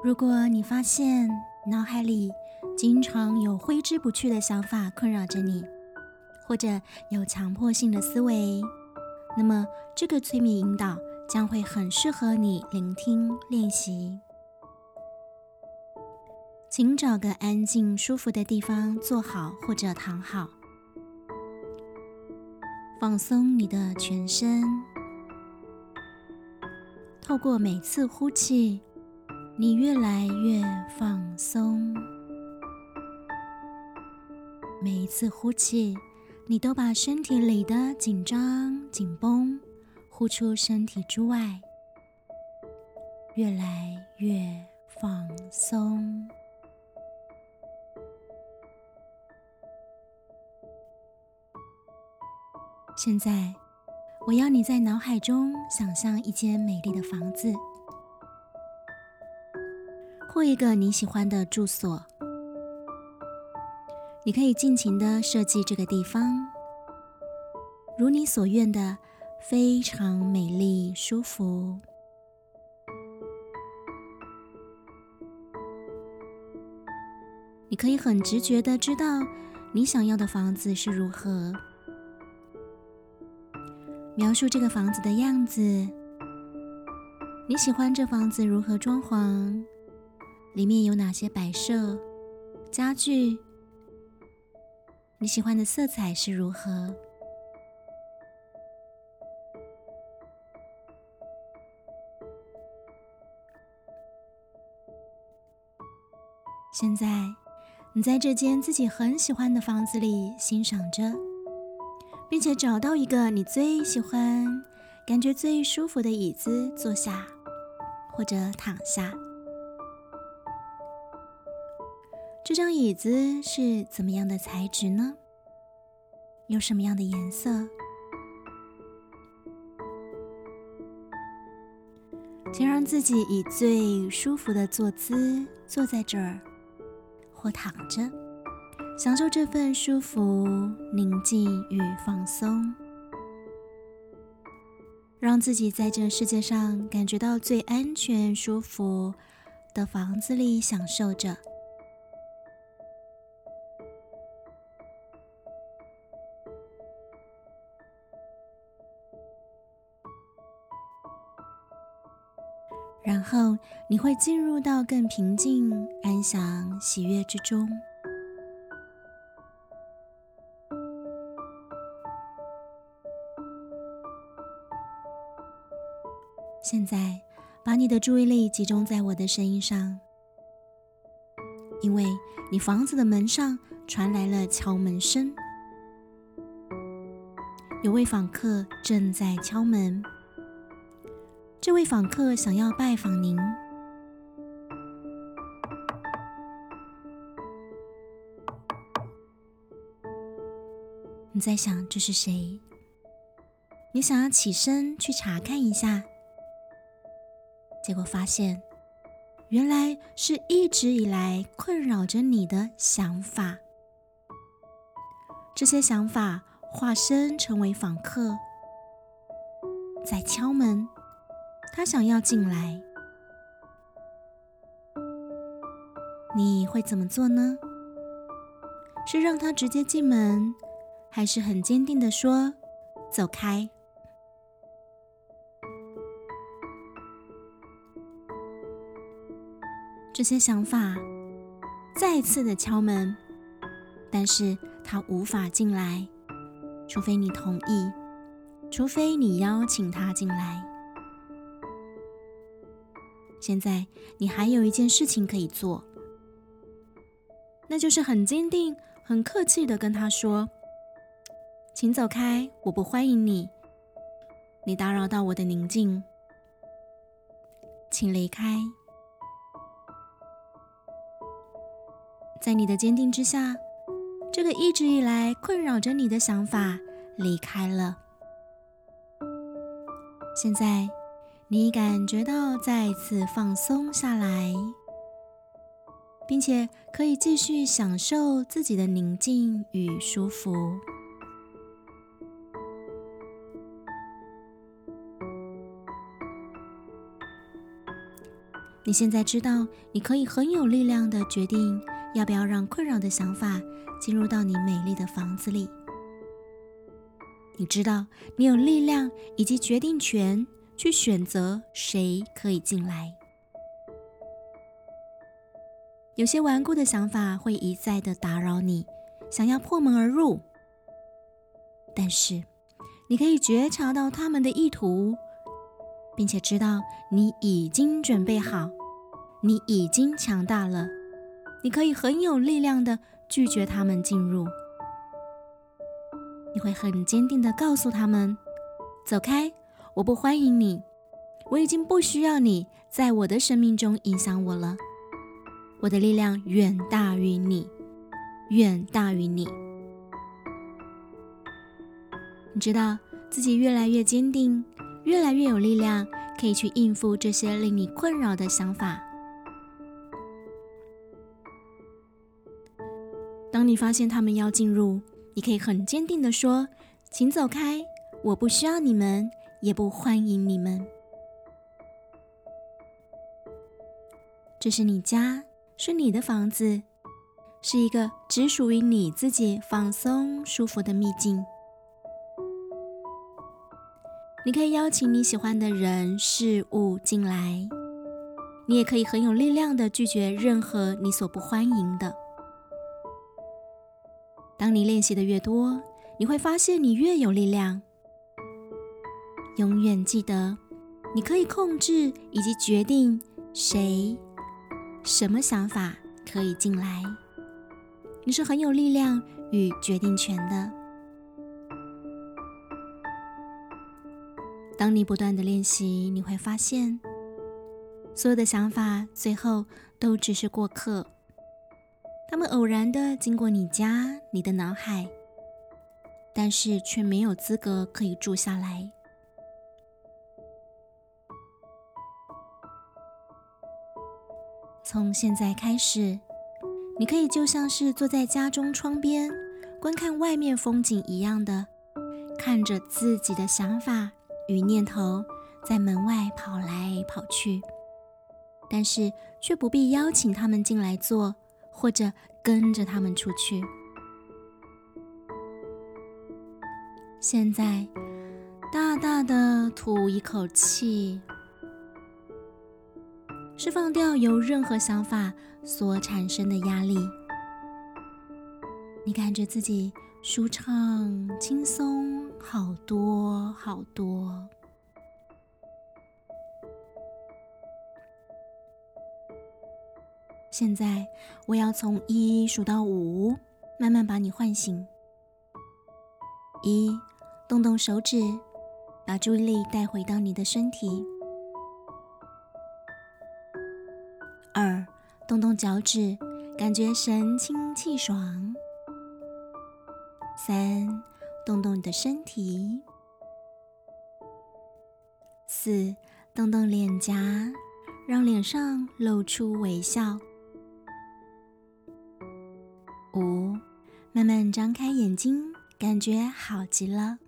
如果你發現腦海裡經常有揮之不去的想法困擾着你，或者有強迫性的思維，那麼這個催眠引導將會很適合你聆聽練習。請找個安靜舒服的地方坐好或者躺好，放鬆你的全身，透過每次呼氣。你越來越放鬆。每一次呼氣，你都把身體裡的緊張、緊繃呼出身體之外，越來越放鬆。現在，我要你在腦海中想象一間美麗的房子。或一個你喜歡的住所，你可以盡情地設計這個地方，如你所願的，非常美麗、舒服。你可以很直覺地知道你想要的房子是如何，描述這個房子的樣子，你喜歡這房子如何裝潢？裡面有哪些擺設、家具？你喜歡的色彩是如何？現在，你在這間自己很喜歡的房子裡欣賞着，並且找到一個你最喜歡、感覺最舒服的椅子坐下，或者躺下。這張椅子是怎麼樣的材質呢？有什麼樣的顏色？請讓自己以最舒服的坐姿坐在這兒，或躺着，享受這份舒服、寧靜與放鬆，讓自己在這世界上感覺到最安全、舒服的房子裡享受着。然後你會進入到更平靜、安詳、喜悅之中。現在，把你的注意力集中在我的聲音上，因為你房子的門上傳來了敲門聲，有位訪客正在敲門。這位訪客想要拜訪您，你在想這是誰？你想要起身去查看一下，結果發現，原來是一直以來困擾着你的想法。這些想法化身成為訪客，在敲門。他想要進來，你會怎麼做呢？是讓他直接進門，還是很堅定的說走開？這些想法再次的敲門，但是他無法進來，除非你同意，除非你邀請他進來。現在你還有一件事情可以做，那就是很堅定、很客氣的跟他說：“請走開，我不歡迎你，你打擾到我的寧靜，請離開。”在你的堅定之下，這個一直以來困擾着你的想法離開了。現在。你感覺到再次放鬆下來，並且可以繼續享受自己的寧靜與舒服。你現在知道，你可以很有力量地決定要不要讓困擾的想法進入到你美麗的房子裡。你知道，你有力量以及決定權。去選擇誰可以進來。有些頑固的想法會一再的打擾你，想要破門而入。但是，你可以覺察到他們的意圖，並且知道你已經準備好，你已經強大了。你可以很有力量的拒絕他們進入。你會很堅定的告訴他們：“走開。”我不歡迎你，我已經不需要你在我的生命中影響我了。我的力量遠大於你，遠大於你。你知道自己越來越堅定，越來越有力量，可以去應付這些令你困擾的想法。當你發現他們要進入，你可以很堅定地說：“請走開，我不需要你們。”也不歡迎你們。這是你家，是你的房子，是一個只屬於你自己、放鬆舒服的秘境。你可以邀請你喜歡的人、事物進來，你也可以很有力量地拒絕任何你所不歡迎的。當你練習的越多，你會發現你越有力量。永遠記得，你可以控制以及決定誰、什麼想法可以進來。你是很有力量與決定權的。當你不斷的練習，你會發現，所有的想法最後都只是過客。他們偶然的經過你家、你的腦海，但是卻沒有資格可以住下來。從現在開始，你可以就像是坐在家中窗邊，觀看外面風景一樣的，看着自己的想法與念頭在門外跑來跑去，但是卻不必邀請他們進來坐，或者跟着他們出去。現在，大大的吐一口氣。釋放掉由任何想法所產生的壓力，你感覺自己舒暢輕鬆好多好多。現在我要從一數到五，慢慢把你喚醒。一，動動手指，把注意力帶回到你的身體。二，動動腳趾，感覺神清氣爽。三，動動你的身體。四，動動臉頰，讓臉上露出微笑。五，慢慢張開眼睛，感覺好極了。